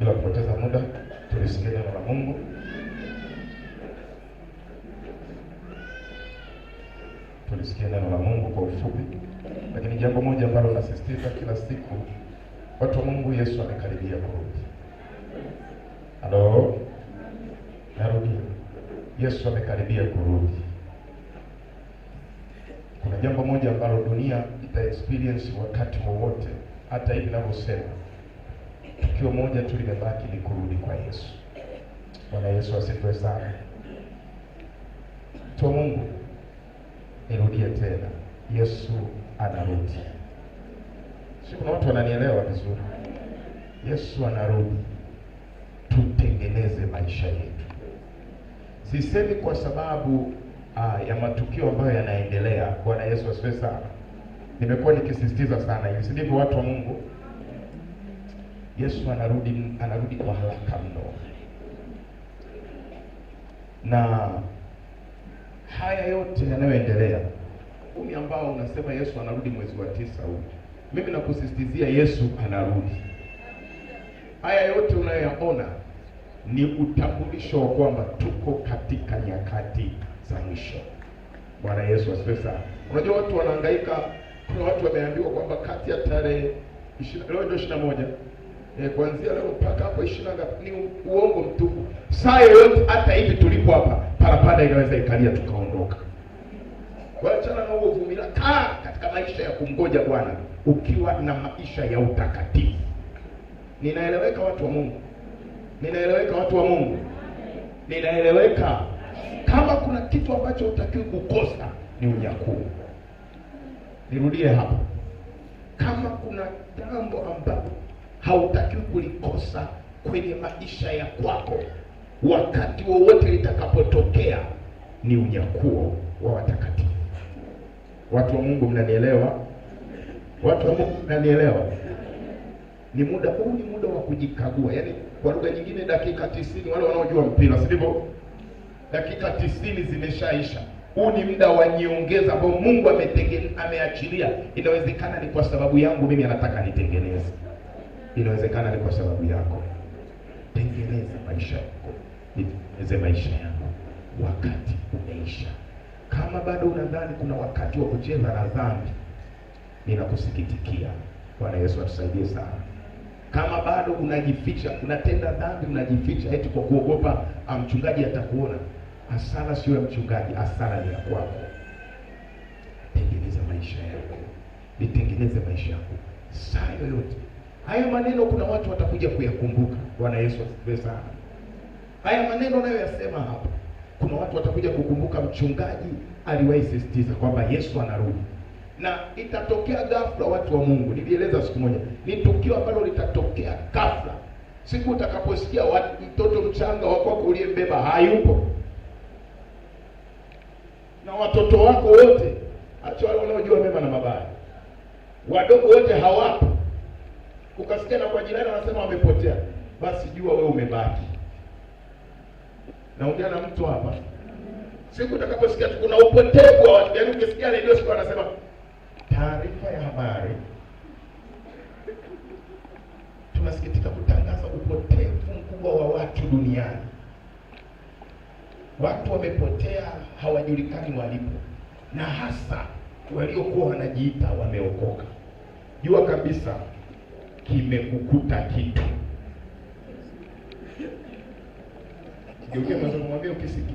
Bila kupoteza muda, tulisikie neno la Mungu. Tulisikie neno la Mungu kwa ufupi, lakini jambo moja ambalo nasisitiza kila siku, watu wa Mungu, Yesu amekaribia kurudi. Halo, narudia, Yesu amekaribia kurudi. Kuna jambo moja ambalo dunia ita experience wakati wowote, hata hivi ninavyosema tukio moja tu limebaki ni kurudi kwa Yesu. Bwana Yesu asifiwe sana. Mtu wa Mungu, nirudie tena, Yesu anarudi. Si kuna watu wananielewa vizuri? Yesu anarudi, tutengeneze maisha yetu. Sisemi kwa sababu aa, ah, ya matukio ambayo yanaendelea. Bwana Yesu asifiwe sana. Nimekuwa nikisisitiza sana hivi, si ndivyo watu wa Mungu? Yesu anarudi, anarudi kwa haraka mno, na haya yote yanayoendelea, umi ambao unasema Yesu anarudi mwezi wa tisa huu, mimi nakusisitizia Yesu anarudi. Haya yote unayoyaona ni utambulisho wa kwamba tuko katika nyakati za mwisho. Bwana Yesu asifiwe sana. Unajua watu wanahangaika, kuna watu wameambiwa kwamba kati ya tarehe leo ndio ishirini na moja E, kuanzia leo mpaka hapo ishirini na ngapi ni uongo mtupu. Saa yoyote hata hivi tulipo hapa parapanda inaweza ikalia tukaondoka. Wachana na uvumilia, kaa katika maisha ya kumgoja Bwana ukiwa na maisha ya utakatifu. Ninaeleweka watu wa Mungu? Ninaeleweka watu wa Mungu? Ninaeleweka? Kama kuna kitu ambacho hutakiwi kukosa ni unyakuo. Nirudie hapo, kama kuna jambo ambapo hautakiwi kulikosa kwenye maisha ya kwako wakati wowote litakapotokea, ni unyakuo wa watakatifu. Watu wa Mungu, mnanielewa? Watu wa Mungu, mnanielewa? Ni muda huu, ni muda wa kujikagua, yaani kwa lugha nyingine, dakika tisini. Wale wanaojua mpira, si ndivyo? Dakika tisini zimeshaisha. Huu ni muda wa nyongeza ambao Mungu ameachilia. Inawezekana ni kwa sababu yangu mimi, anataka nitengeneze inawezekana ni kwa sababu yako. Tengeneza maisha yako, nitengeneze maisha yangu. Wakati umeisha. Kama bado unadhani kuna wakati wa kucheza na dhambi, ninakusikitikia. Bwana Yesu atusaidie sana. Kama bado unajificha, unatenda dhambi, unajificha eti kwa kuogopa ah, mchungaji atakuona, hasara sio ya mchungaji, hasara ni ya kwako. Tengeneza maisha yako, nitengeneze maisha yako saa yoyote Hayo maneno kuna watu watakuja kuyakumbuka. Bwana Yesu asifiwe sana. Haya maneno unayoyasema hapa, kuna watu watakuja kukumbuka. Mchungaji aliwahi sisitiza kwamba Yesu anarudi na itatokea ghafla. Watu wa Mungu, nilieleza siku moja, ni tukio ambalo litatokea ghafla. Siku utakaposikia watu, mtoto mchanga wa kwako uliyembeba hayupo na watoto wako wote, acha wale wanaojua mema na mabaya, wadogo wote hawapo ukasikia na kwa jirani anasema wamepotea, basi jua wewe umebaki. Naongea na mtu hapa, siku utakaposikia kuna upotevu wa watu, yaani ukisikia redio siku anasema taarifa ya habari, tunasikitika kutangaza upotevu mkubwa wa watu duniani. Watu wamepotea, hawajulikani walipo, na hasa waliokuwa wanajiita wameokoka. Jua kabisa kimekukuta kitu mwambie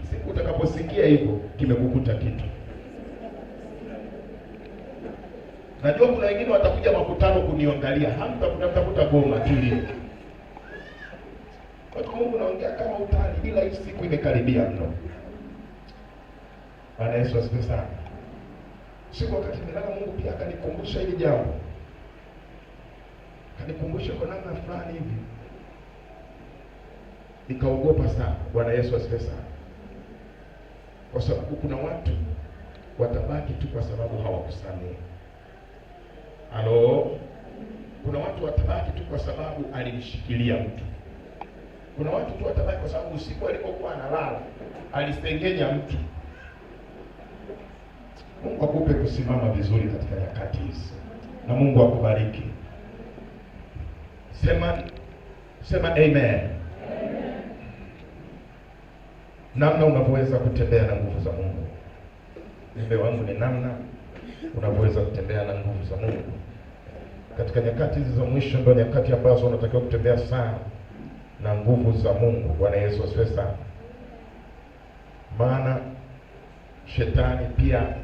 siku utakaposikia hivyo kimekukuta kitu. Najua kuna wengine watakuja makutano kuniangalia, hamtakutafuta goma tulio watu wa Mungu, naongea kama utani, bila hii siku imekaribia mno. Bwana Yesu asifiwe sana. Siku wakati nilala, Mungu pia akanikumbusha hili jambo kanikumbushe kwa namna fulani hivi, nikaogopa sana. Bwana Yesu asifiwe sana, kwa sababu kuna watu watabaki tu kwa sababu hawakusamehe. Halo, kuna watu watabaki tu kwa sababu alimshikilia mtu. Kuna watu tu watabaki kwa sababu usiku alipokuwa analala alisengenya mtu. Mungu akupe kusimama vizuri katika nyakati hizi, na Mungu akubariki. Sema, sema amen, amen. Namna unavyoweza kutembea na nguvu za Mungu, mbe wangu, ni namna unavyoweza kutembea na nguvu za Mungu katika nyakati hizi za mwisho. Ndio nyakati ambazo unatakiwa kutembea sana na nguvu za Mungu. Bwana Yesu asifiwe sana, maana shetani pia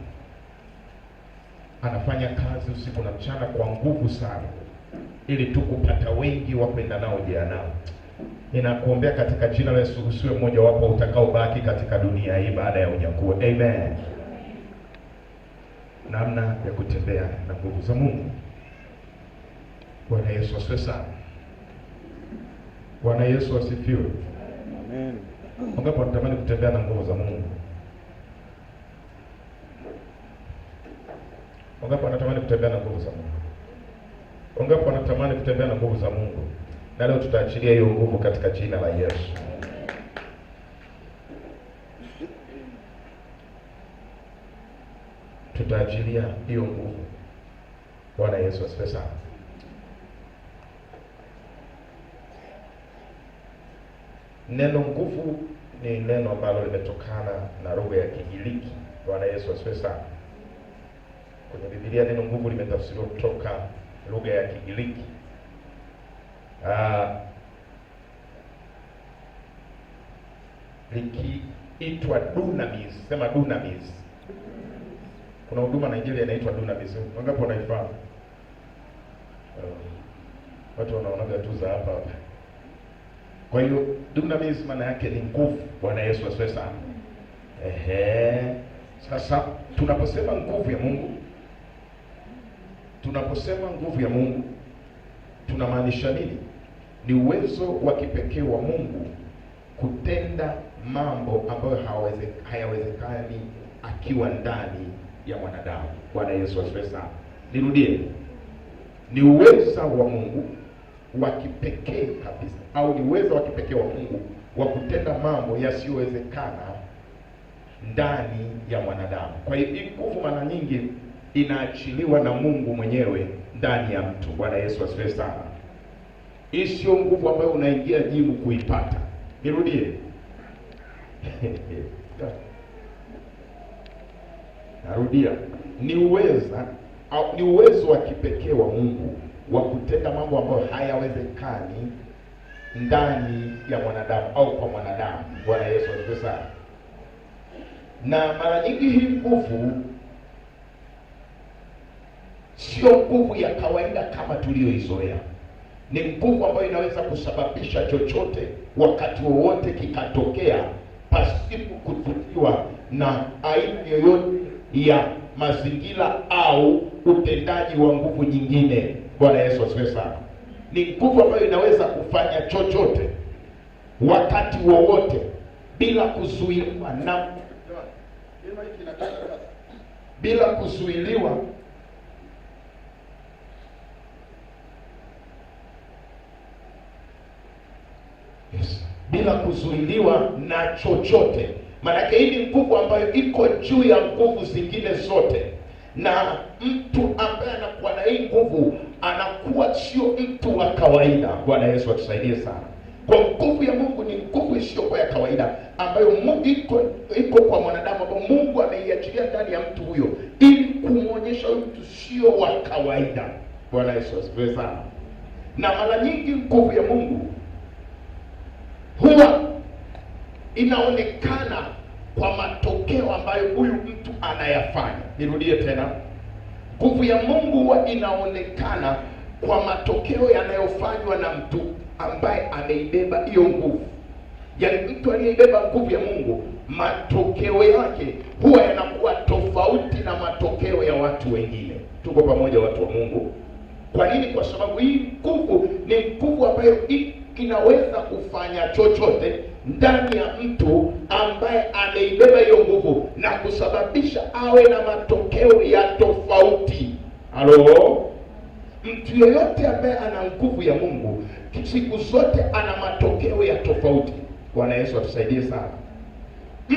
anafanya kazi usiku na mchana kwa nguvu sana ili tu kupata wengi wa kwenda nao jehanamu. Ninakuombea katika jina la Yesu usiwe mmoja wapo utakaobaki katika dunia hii baada ya unyakuo. Amen. Namna ya kutembea na nguvu za Mungu. Bwana Yesu asifiwe sana. Bwana Yesu asifiwe. Amen. Wangapi wanatamani kutembea na nguvu za Mungu? Wangapi wanatamani kutembea na nguvu za Mungu? Wangapi wanatamani kutembea na nguvu za Mungu? Na leo tutaachilia hiyo nguvu katika jina la Yesu. Tutaachilia hiyo nguvu. Bwana Yesu asifiwe sana. Neno nguvu ni neno ambalo limetokana na lugha ya Kigiriki. Bwana Yesu asifiwe sana. Kwenye Biblia neno nguvu limetafsiriwa kutoka lugha ya Kigiriki. Uh, likiitwa dunamis, sema dunamis. Kuna huduma Nigeria inaitwa dunamis, wangapi wanaifahamu? Uh, watu wanaonaga tu za hapa hapa. Kwa hiyo dunamis maana yake ni nguvu. Bwana Yesu asifiwe sana. Ehe, sasa tunaposema nguvu ya Mungu Tunaposema nguvu ya Mungu tunamaanisha nini? Ni uwezo wa kipekee wa Mungu kutenda mambo ambayo hayawezekani akiwa ndani ya mwanadamu. Bwana Yesu asifiwe sana. Nirudie, ni uwezo wa Mungu wa kipekee kabisa, au ni uwezo wa kipekee wa Mungu wa kutenda mambo yasiyowezekana ndani ya mwanadamu. Kwa hiyo nguvu mara nyingi inaachiliwa na Mungu mwenyewe ndani ya mtu. Bwana Yesu asifiwe sana. Hii sio nguvu ambayo unaingia jimu kuipata. Nirudie narudia, ni uweza au ni uwezo wa kipekee wa Mungu wa kutenda mambo ambayo hayawezekani ndani ya mwanadamu au kwa mwanadamu. Bwana Yesu asifiwe sana. Na mara nyingi hii nguvu sio nguvu ya kawaida kama tuliyoizoea. Ni nguvu ambayo inaweza kusababisha chochote wakati wowote kikatokea, pasipo kutukiwa na aina yoyote ya mazingira au utendaji wa nguvu nyingine. Bwana Yesu asifiwe sana. Ni nguvu ambayo inaweza kufanya chochote wakati wowote bila kuzuiliwa na bila kuzuiliwa bila kuzuiliwa na chochote. Maanake hii ni nguvu ambayo iko juu ya nguvu zingine zote, na mtu ambaye anakuwa na hii nguvu anakuwa sio mtu wa kawaida. Bwana Yesu atusaidie sana. Kwa nguvu ya Mungu ni nguvu isiyokuwa ya kawaida ambayo Mungu iko iko kwa mwanadamu, ambayo Mungu ameiachilia ndani ya mtu huyo ili kumwonyesha huyu mtu sio wa kawaida. Bwana Yesu asifiwe sana. Na mara nyingi nguvu ya Mungu huwa inaonekana kwa matokeo ambayo huyu mtu anayafanya. Nirudie tena, nguvu ya Mungu huwa inaonekana kwa matokeo yanayofanywa na mtu ambaye ameibeba hiyo nguvu. Yaani, mtu aliyeibeba nguvu ya Mungu, matokeo yake huwa yanakuwa tofauti na matokeo ya watu wengine. Tuko pamoja, watu wa Mungu? Kwa nini? Kwa sababu hii nguvu ni nguvu ambayo kinaweza kufanya chochote ndani ya mtu ambaye ameibeba hiyo nguvu na kusababisha awe na matokeo ya tofauti. Halo, mtu yoyote ambaye ana nguvu ya Mungu siku zote ana matokeo ya tofauti. Bwana Yesu atusaidie sana.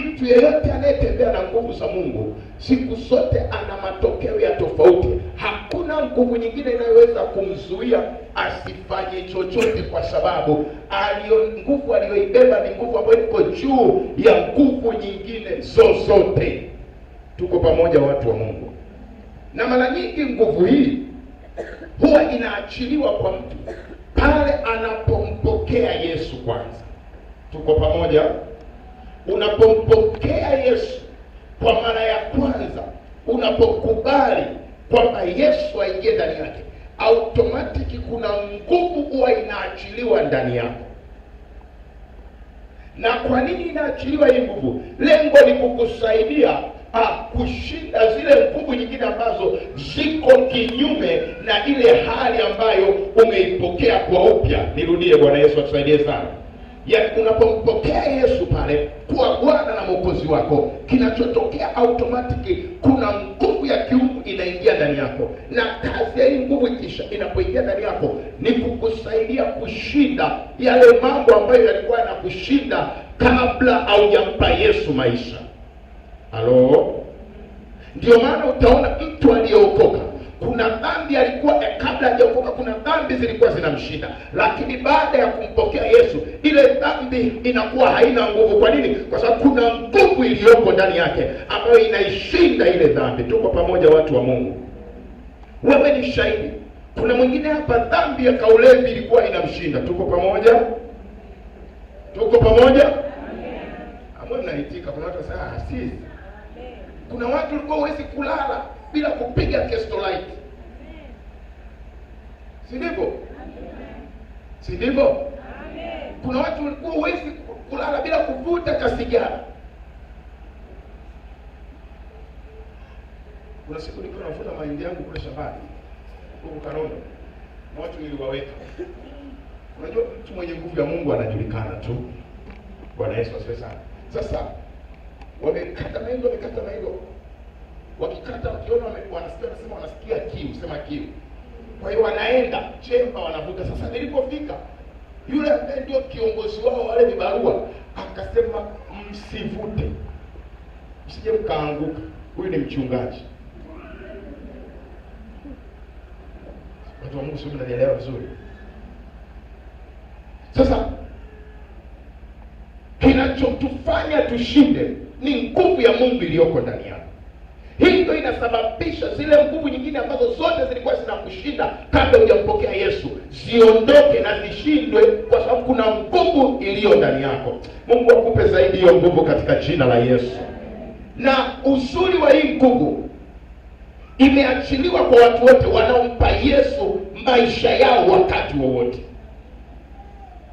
Mtu yeyote anayetembea na nguvu za Mungu siku zote ana matokeo ya tofauti. Hakuna nguvu nyingine inayoweza kumzuia asifanye chochote, kwa sababu aliyo nguvu aliyoibeba ni nguvu ambayo iko juu ya nguvu nyingine zozote. Tuko pamoja, watu wa Mungu? Na mara nyingi nguvu hii huwa inaachiliwa kwa mtu pale anapompokea Yesu kwanza. Tuko pamoja? unapompokea Yesu kwa mara ya kwanza, unapokubali kwamba Yesu aingie ndani yake, automatic kuna nguvu huwa inaachiliwa ndani yako. Na kwa nini inaachiliwa hii nguvu? Lengo ni kukusaidia Ha, ah, kushinda zile nguvu nyingine ambazo ziko kinyume na ile hali ambayo umeipokea kwa upya. Nirudie. Bwana Yesu atusaidie sana ya unapompokea Yesu pale kuwa Bwana na Mwokozi wako, kinachotokea automatiki kuna nguvu ya kiungu inaingia ndani yako, na kazi ya hii nguvu ikisha inapoingia ndani yako ni kukusaidia kushinda yale mambo ambayo yalikuwa yanakushinda kabla haujampa Yesu maisha. Halo, ndio maana utaona mtu aliyeokoka kuna dhambi alikuwa eh, kabla hajaokoka, kuna dhambi zilikuwa zinamshinda, lakini baada ya kumpokea Yesu ile dhambi inakuwa haina nguvu. Kwa nini? Kwa sababu kuna nguvu iliyoko ndani yake ambayo inaishinda ile dhambi. Tuko pamoja, watu wa Mungu? Wewe ni shahidi. Kuna mwingine hapa dhambi ya kaulevi ilikuwa inamshinda. Tuko pamoja? Tuko pamoja? Ambayo mnaitika. Kuna watu wanasema ah, kuna watu walikuwa huwezi kulala bila kupiga kesto light, si ndivyo? Si ndivyo? Kuna watu walikuwa huwezi kulala bila kuvuta kasigara. Kuna siku nilikuwa nafuta mahindi yangu kule shambani huko Karondo na watu niliwaweka. Unajua, mtu mwenye nguvu ya Mungu anajulikana tu. Bwana Yesu asifiwe sana. Sasa wamekata mahindi, wamekata mahindi wakikata wakiona wanasikia wanasema wanasikia kiu, sema kiu. Kwa hiyo wanaenda chemba wanavuta. Sasa nilipofika, yule ambaye ndio kiongozi wao wale vibarua akasema, msivute, msije mkaanguka, huyu ni mchungaji. Watu wa Mungu, sio mnanielewa vizuri? Sasa kinachotufanya tushinde ni nguvu ya Mungu iliyoko ndani yako. Hii ndio inasababisha zile nguvu nyingine ambazo zote zilikuwa zinakushinda kabla hujampokea Yesu ziondoke na zishindwe, kwa sababu kuna nguvu iliyo ndani yako. Mungu akupe zaidi hiyo nguvu katika jina la Yesu. Na uzuri wa hii nguvu imeachiliwa kwa watu wote wanaompa Yesu maisha yao wakati wowote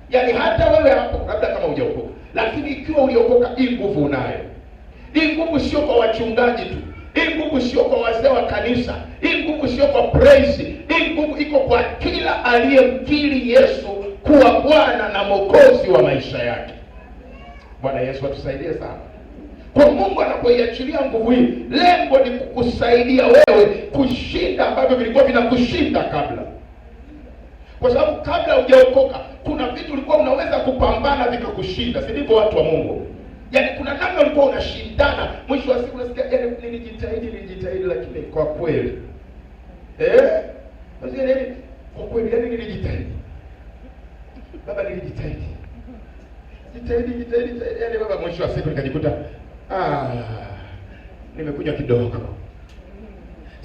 yani yaani, hata wewe hapo labda kama hujaokoka, lakini ikiwa uliokoka, hii nguvu unayo. Hii nguvu sio kwa wachungaji tu hii nguvu sio kwa wazee wa kanisa, hii nguvu sio kwa praise, hii nguvu iko kwa kila aliyemkiri Yesu kuwa Bwana na Mwokozi wa maisha yake. Bwana Yesu atusaidie sana. Kwa Mungu anapoiachilia nguvu hii, lengo ni kukusaidia wewe kushinda ambavyo vilikuwa vinakushinda kabla, kwa sababu kabla hujaokoka kuna vitu ulikuwa unaweza kupambana vikakushinda, si ndivyo, watu wa Mungu? Yaani kuna namna ulikuwa unashindana, mwisho wa siku unasikia yaani, nilijitahidi nilijitahidi, lakini kwa kweli eh, nini? Yaani, kwa kweli yaani nilijitahidi baba, nilijitahidi jitahidi jitahidi jitahidi, yaani baba, mwisho wa siku nikajikuta ah, nimekunywa kidogo.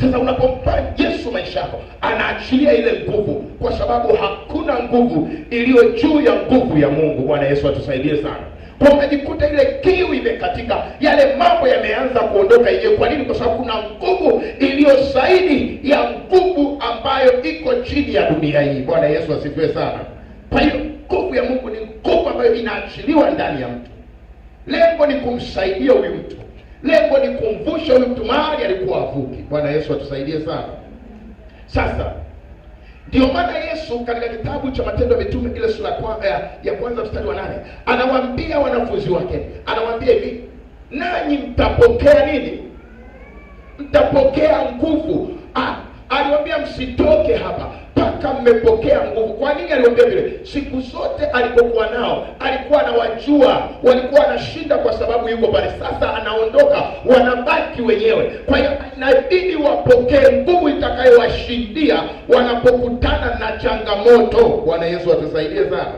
Sasa unapompa Yesu maisha yako, anaachilia ile nguvu, kwa sababu hakuna nguvu iliyo juu ya nguvu ya Mungu. Bwana Yesu atusaidie sana pamejikuta ile kiu imekatika, yale mambo yameanza kuondoka yenyewe. Kwa nini? Kwa sababu kuna nguvu iliyo zaidi ya nguvu ambayo iko chini ya dunia hii. Bwana Yesu asifiwe sana. Kwa hiyo nguvu ya Mungu ni nguvu ambayo inaachiliwa ndani ya mtu. Lengo ni kumsaidia huyu mtu, lengo ni kumvusha huyu mtu mahali alikuwa avuki. Bwana Yesu atusaidie sana. Sasa ndio maana Yesu katika kitabu cha Matendo ya Mitume ile sura ya kwanza mstari wa nane anawaambia wanafunzi wake, anawaambia hivi, nanyi mtapokea nini? Mtapokea nguvu. Ah, aliwaambia msitoke hapa shaka mmepokea nguvu. Kwa nini aliongea vile? Siku zote alipokuwa nao alikuwa anawajua, walikuwa anashinda kwa sababu yuko pale. Sasa anaondoka, wanabaki wenyewe. Kwa hiyo inabidi wapokee nguvu itakayowashindia wanapokutana na changamoto. Bwana Yesu atusaidie sana.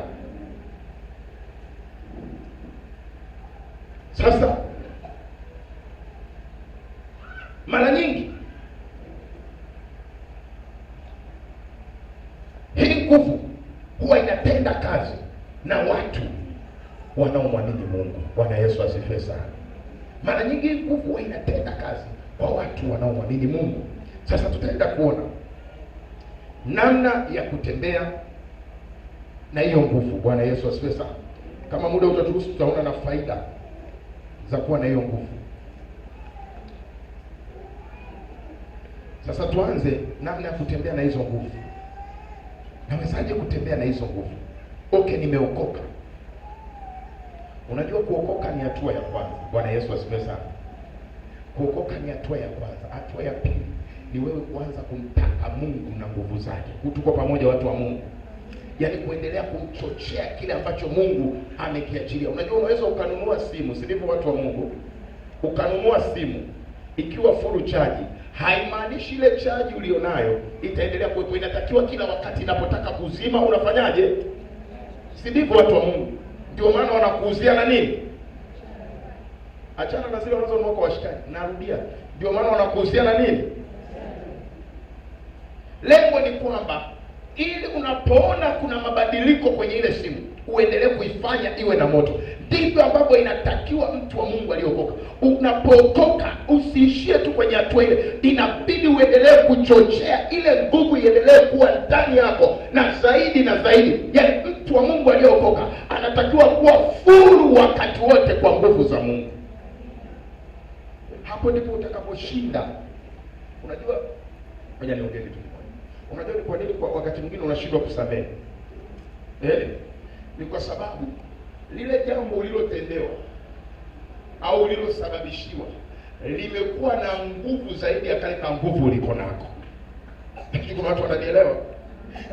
Sasa mara nyingi Hii nguvu huwa inatenda kazi na watu wanaomwamini Mungu. Bwana Yesu asifiwe sana. Mara nyingi nguvu huwa inatenda kazi kwa watu wanaomwamini Mungu. Sasa tutaenda kuona namna ya kutembea na hiyo nguvu. Bwana Yesu asifiwe sana. Kama muda utaturuhusu, tutaona na faida za kuwa na hiyo nguvu. Sasa tuanze namna ya kutembea na hizo nguvu nawezaje kutembea na hizo nguvu? Okay, nimeokoka. Unajua, kuokoka ni hatua ya kwanza. Bwana Yesu asifiwe sana. Kuokoka ni hatua ya kwanza. Hatua ya pili ni wewe kuanza kumtaka Mungu na nguvu zake. Tuko pamoja, watu wa Mungu? Yaani kuendelea kumchochea kile ambacho Mungu amekiachilia. Unajua, unaweza ukanunua simu, si ndivyo, watu wa Mungu? Ukanunua simu ikiwa furu chaji haimaanishi ile chaji ulionayo itaendelea kuwepo. Inatakiwa kila wakati inapotaka kuzima unafanyaje? Si ndivyo, watu wa Mungu? Ndio maana wanakuuzia na nini. Achana na zile unazonunua kwa washikaji, narudia, ndio maana wanakuuzia na nini. Lengo ni kwamba ili unapoona kuna mabadiliko kwenye ile simu uendelee kuifanya iwe na moto ndivyo ambavyo inatakiwa mtu wa Mungu aliokoka. Unapookoka usiishie tu kwenye hatua ile, inabidi uendelee kuchochea ile nguvu iendelee kuwa ndani yako na zaidi na zaidi. Yaani mtu wa Mungu aliokoka anatakiwa kuwa furu wakati wote kwa nguvu za Mungu. Hapo ndipo utakaposhinda. Unajua, ngoja niongee kitu Unajua ni kwa nini kwa wakati mwingine unashindwa kusamehe? Eh, ni kwa sababu lile jambo ulilotendewa au ulilosababishiwa limekuwa na nguvu zaidi ya kale nguvu uliko nako, lakini kuna watu wanajielewa.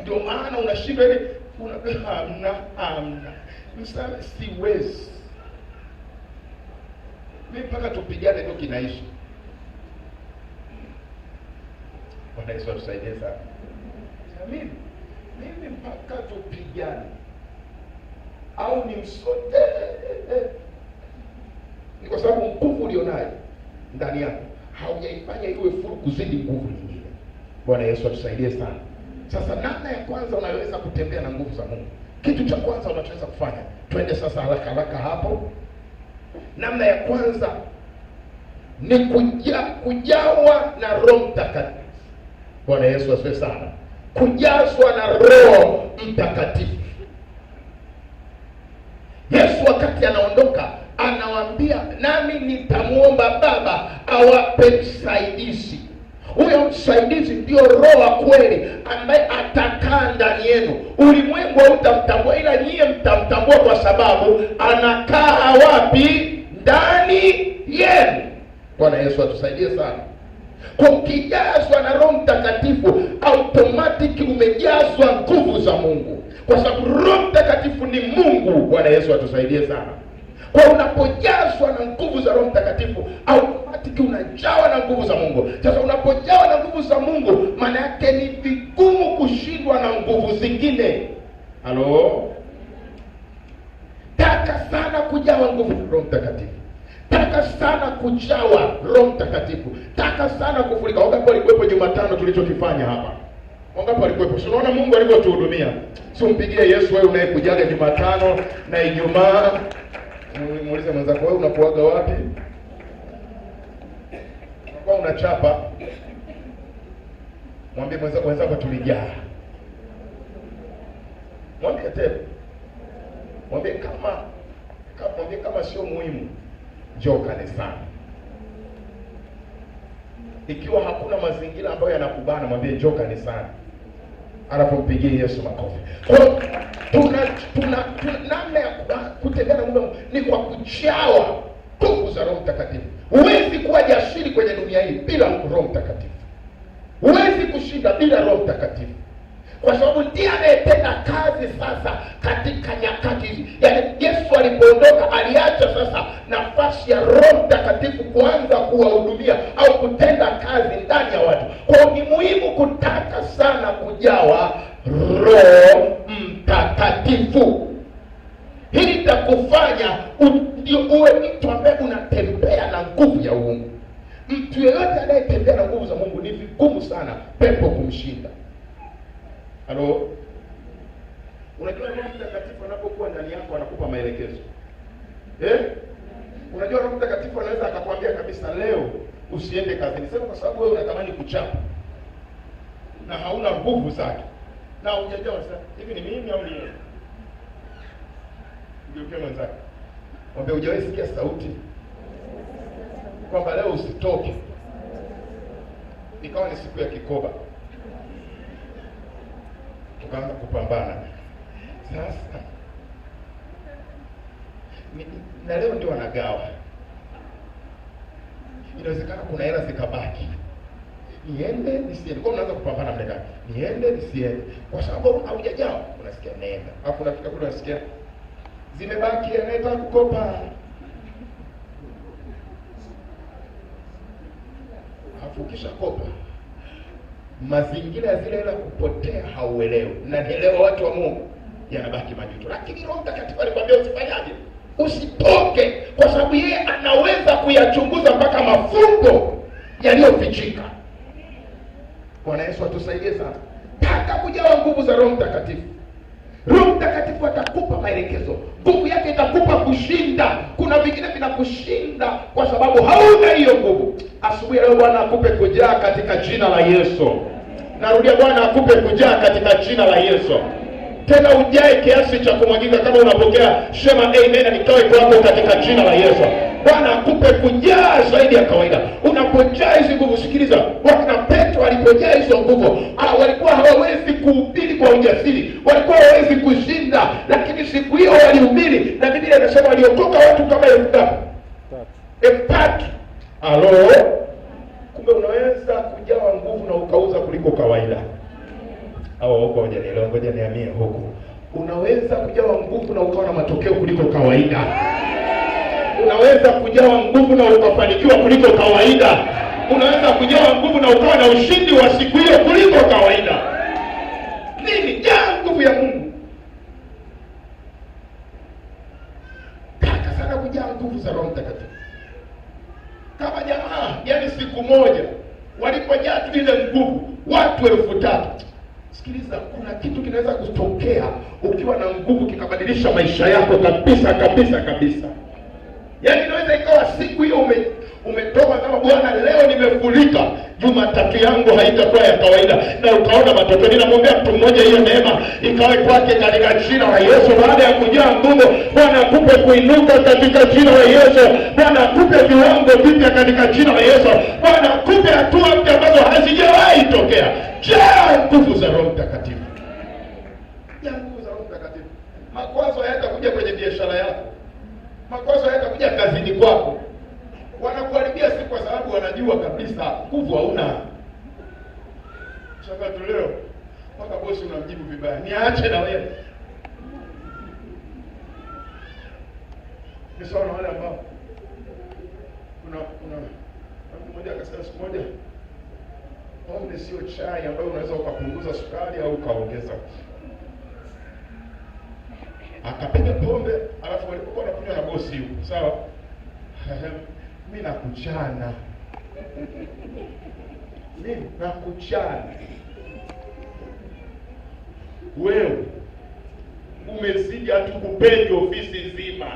ndio maana unashindwa ile una hamna hamna msala, siwezi mi mpaka tupigane ndio kinaishi. Bwana Yesu atusaidie sana. Amini mimi mpaka tupigane au ni msote ni kwa sababu nguvu ulionayo ndani yako haujaifanya iwe furu kuzidi nguvu nyingine. Bwana Yesu atusaidie sana. Sasa namna ya kwanza unayoweza kutembea na nguvu za Mungu, kitu cha kwanza unachoweza kufanya, twende sasa haraka haraka hapo. Namna ya kwanza ni kuja, kujawa na Roho Mtakatifu. Bwana Yesu asiwe sana. Kujazwa na Roho Mtakatifu. Yesu wakati anaondoka anawaambia, nami nitamwomba Baba awape msaidizi. Huyo msaidizi ndio Roho wa kweli ambaye atakaa ndani yenu. Ulimwengu hautamtambua, ila nyiye mtamtambua kwa sababu anakaa wapi? Ndani yenu. Bwana Yesu atusaidie sana. Kwa ukijazwa na Roho Mtakatifu automatic umejazwa nguvu za Mungu kwa sababu Roho Mtakatifu ni Mungu. Bwana Yesu atusaidie sana. Kwa unapojazwa na nguvu za Roho Mtakatifu automatiki unajawa na nguvu za Mungu. Sasa unapojawa na nguvu za Mungu, maana yake ni vigumu kushindwa na nguvu zingine. Halo, taka sana kujawa nguvu za Roho Mtakatifu, taka sana kujawa Roho Mtakatifu, taka sana kufurika. Wakati alikuwepo Jumatano, tulichokifanya hapa Wangapi walikuwepo? Si unaona Mungu alivyotuhudumia. Si umpigie Yesu wewe unayekujaga Jumatano na Ijumaa. Muulize mwenzako wewe unakuaga wapi? Unakuwa unachapa. Mwambie mwenzako wenzako tulijaa. Mwambie tena. Mwambie kama kama mwambie kama sio muhimu njoo kanisani. Ikiwa hakuna mazingira ambayo yanakubana, mwambie njoo kanisani anapompigia Yesu makofi. Kwa tuna tuna namna ya kutembea na mume ni kwa kuchawa nguvu za Roho Mtakatifu. Huwezi kuwa jasiri kwenye dunia hii bila Roho Mtakatifu, huwezi kushinda bila Roho Mtakatifu kwa sababu ndiye anayetenda kazi sasa katika nyakati hizi. Yaani Yesu alipoondoka, aliacha sasa nafasi ya Roho Mtakatifu kuanza kuwahudumia au kutenda kazi ndani ya watu. Kwa ni muhimu kutaka sana kujawa Roho Mtakatifu. Hili litakufanya uwe mtu ambaye unatembea na nguvu ya Mungu. Mtu yeyote anayetembea na nguvu za Mungu ni vigumu sana pepo kumshinda. Halo. Unajua Roho Mtakatifu anapokuwa ndani yako anakupa maelekezo. Eh? Unajua Roho Mtakatifu anaweza akakwambia kabisa leo usiende kazini. Sema kwa sababu wewe unatamani kuchapa. Na hauna nguvu zake. Na hujajawa sasa. Hivi ni mimi au ni yeye? Ndio kile mwanzo. Mwambie hujawahi sikia sauti. Kwamba leo usitoke. Ikawa ni siku ya kikoba tukaanza kupambana sasa na leo ndio wanagawa. Inawezekana kuna hela zikabaki, niende nisiende, kwa unaanza kupambana mleka, niende nisiende, kwa sababu haujajawa. Unasikia nenda, afu unafika kule unasikia zimebaki, anaweza kukopa Afu ukisha kopa mazingira ya zile hela kupotea, hauelewi na nielewa, watu wa Mungu, yanabaki majuto. Lakini Roho Mtakatifu alikwambia usifanyaje? Usipoke, kwa sababu yeye anaweza kuyachunguza mpaka mafungo yaliyofichika. Bwana Yesu atusaidie sana, hata kujawa nguvu za Roho Mtakatifu. Roho Mtakatifu atakupa maelekezo, nguvu yake itakupa kushinda. Kuna vingine vinakushinda kwa sababu hauna hiyo nguvu. Asubuhi leo Bwana akupe kujaa katika jina la Yesu. Narudia, Bwana akupe kujaa katika jina la Yesu, tena ujae kiasi cha kumwagika. Kama unapokea sema amen, nikawe kwako katika jina la Yesu. Bwana akupe kujaa zaidi ya kawaida. Unapojaa hizi nguvu, sikiliza, wakina Petro walipojaa hizo nguvu, ah, walikuwa hawawezi kuhubiri kwa ujasiri, walikuwa hawawezi kushinda, lakini siku hiyo walihubiri, na Biblia inasema waliokoka watu kama elfu tatu elfu tatu Halo, kumbe unaweza kujawa nguvu na ukauza kuliko kawaida. Hawa huko hawajanielewa, ngoja niamie huku. Unaweza kujawa nguvu na ukawa na matokeo kuliko kawaida unaweza kujawa nguvu na ukafanikiwa kuliko kawaida. Unaweza kujawa nguvu na ukawa na ushindi wa siku hiyo kuliko kawaida. Nini? Jaa nguvu ya Mungu. Taka sana kujaa nguvu za Roho Mtakatifu. Kama jamaa, yani siku moja walipojaa tu ile nguvu watu elfu tatu. Sikiliza, kuna kitu kinaweza kutokea ukiwa na nguvu kikabadilisha maisha yako kabisa kabisa kabisa. Yaani inaweza ikawa siku hiyo ume, umetoka kama bwana, leo nimefurika, Jumatatu yangu haitakuwa ya kawaida, na ukaona matokeo. Ninamwombea mtu mmoja, hiyo neema ikawe kwake katika jina la Yesu. Baada ya kujaa nguvu, Bwana akupe kuinuka katika jina la Yesu. Bwana akupe viwango vipya katika jina la Yesu. Bwana akupe hatua mpya ambazo hazijawahi tokea. Jaa nguvu za Roho Mtakatifu, jaa nguvu za Roho Mtakatifu. Makwazo hayatakuja kwenye biashara yako, makwazo wanakuja kazini kwako wanakuharibia siku, kwa sababu wanajua kabisa nguvu hauna. Leo mpaka bosi unamjibu vibaya, niache na wewe. Ni sawa na wale ambao kuna kuna mtu mmoja akasema siku moja, pombe sio chai ambayo unaweza ukapunguza sukari au ukaongeza akapiga pombe, alafu alipokuwa anakunywa na bosi huko, sawa, mimi nakuchana, mimi nakuchana wewe, umesija tukupendi ofisi nzima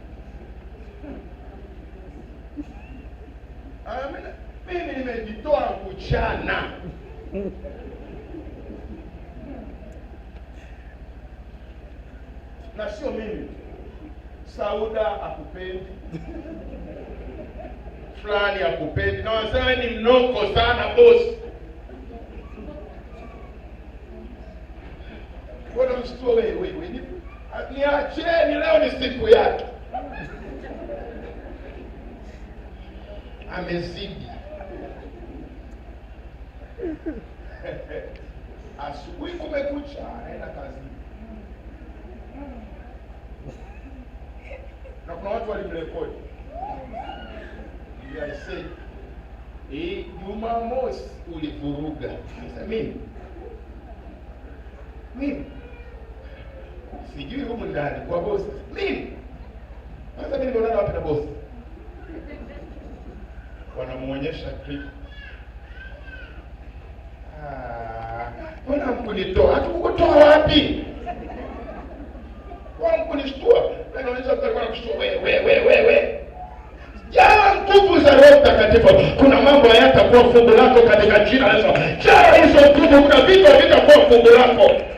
ah, mimi nimejitoa kuchana na sio mimi. Sauda akupendi fulani akupendi, na wasema ni mnoko sana bosi. Mbona mshtua wewe? Wewe niacheni, leo ni siku yake amezidi mimi sijui humu ndani kwa bosi mimi sasa, mimi ndio wapi na bosi wanamuonyesha clip. Ah, mbona mkunitoa? Hatukukutoa wapi? Kwa mkunishtua. Anaonyesha kwa kushtua wewe wewe wewe. Jaa nguvu za Roho Mtakatifu. Kuna mambo hayatakuwa fungu lako katika jina la Yesu. Jaa hizo nguvu, kuna vitu havitakuwa fungu lako.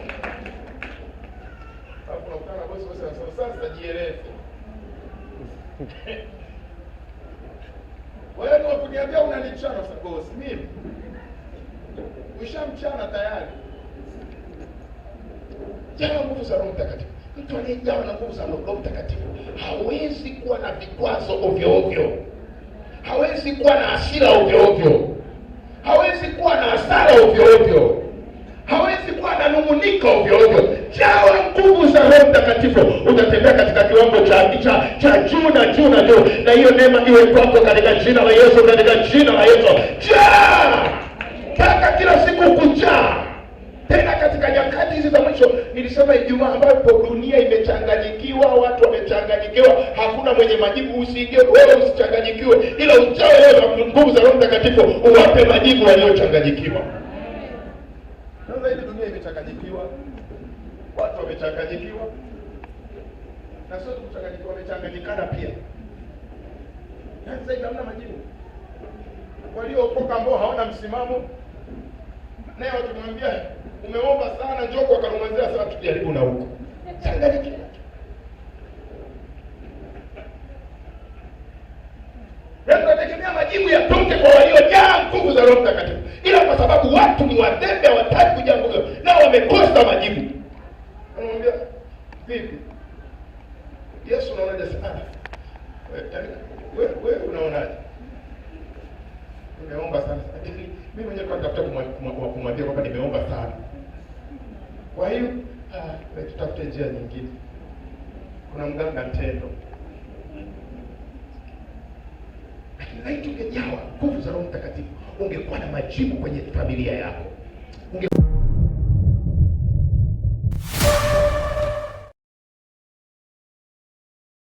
aliyejawa na nguvu za Roho Mtakatifu hawezi kuwa na vikwazo ovyo ovyo, hawezi kuwa na hasira ovyo ovyo, hawezi kuwa na hasara ovyo ovyo, hawezi kuwa na nung'uniko ovyo ovyo. Jawa nguvu za Roho Mtakatifu, utatembea katika kiwango cha cha cha juu na juu na juu, na hiyo neema iwe kwako katika jina la Yesu, katika jina la Yesu. Jaa taka kila siku kujaa tena katika nyakati hizi za mwisho, nilisema Ijumaa, ambapo dunia imechanganyikiwa, watu wamechanganyikiwa, hakuna mwenye majibu. Usiingie wewe, usichanganyikiwe, ila uchawe wewe na nguvu za Roho Mtakatifu, uwape majibu waliochanganyikiwa. Sasa hivi dunia imechanganyikiwa, watu wamechanganyikiwa, na sio kuchanganyikiwa, wamechanganyikana pia. Yaani sasa hamna majibu, waliookoka ambao hawana msimamo, naye wakimwambia umeomba sana, Njoku akamwambia sasa tujaribu na huko. Changanyikiwa. Tunategemea majibu yatoke kwa waliojaa nguvu za Roho Mtakatifu, ila kwa sababu watu ni wazembe, hawataki kuja nguvu nao, wamekosa majibu. Anamwambia vipi Yesu, unaonaje sana ah, wewe, wewe unaonaje? Nimeomba sana, mimi mwenyewe kwa kumwambia kwamba nimeomba sana kwa hiyo ah, eh, tutafute njia nyingine. Kuna mganga Ntendo, laiti ungejawa nguvu za Roho Mtakatifu ungekuwa na majibu kwenye familia yako unge...